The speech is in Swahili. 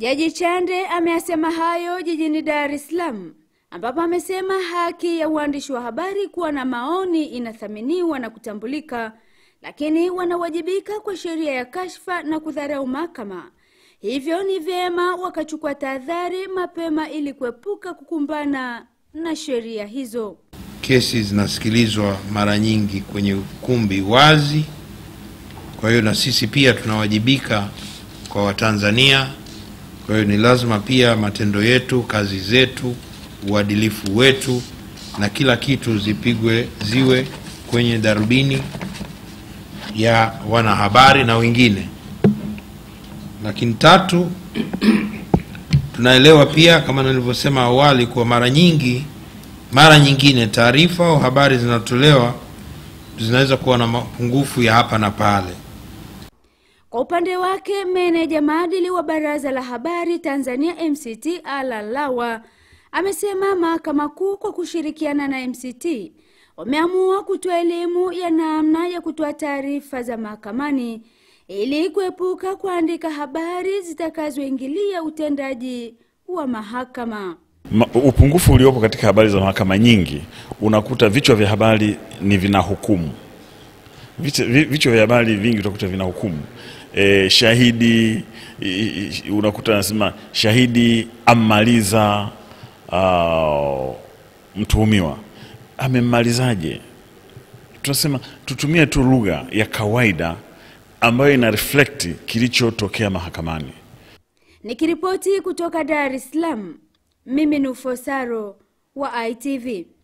Jaji Chande ameyasema hayo jijini Dar es Salaam ambapo amesema haki ya uandishi wa habari kuwa na maoni inathaminiwa na kutambulika, lakini wanawajibika kwa sheria ya kashfa na kudharau mahakama. Hivyo ni vyema wakachukua tahadhari mapema ili kuepuka kukumbana na sheria hizo. Kesi zinasikilizwa mara nyingi kwenye ukumbi wazi, kwa hiyo na sisi pia tunawajibika kwa Watanzania kwa hiyo ni lazima pia matendo yetu, kazi zetu, uadilifu wetu na kila kitu zipigwe ziwe kwenye darubini ya wanahabari na wengine. Lakini tatu, tunaelewa pia kama nilivyosema awali kuwa mara nyingi, mara nyingine taarifa au habari zinatolewa zinaweza kuwa na mapungufu ya hapa na pale. Kwa upande wake meneja maadili wa Baraza la Habari Tanzania MCT Alan Lawa amesema Mahakama Kuu kwa kushirikiana na MCT wameamua kutoa elimu ya namna ya kutoa taarifa za mahakamani ili kuepuka kuandika habari zitakazoingilia utendaji wa mahakama. Ma, upungufu uliopo katika habari za mahakama nyingi unakuta vichwa vya habari ni vinahukumu vichwa vya habari vingi utakuta vinahukumu e, shahidi e, unakuta nasema shahidi ammaliza uh, mtuhumiwa amemmalizaje? Tunasema tutumie tu lugha ya kawaida ambayo ina reflect kilichotokea mahakamani. Nikiripoti kutoka Dar es Salaam, mimi ni Ufosaro wa ITV.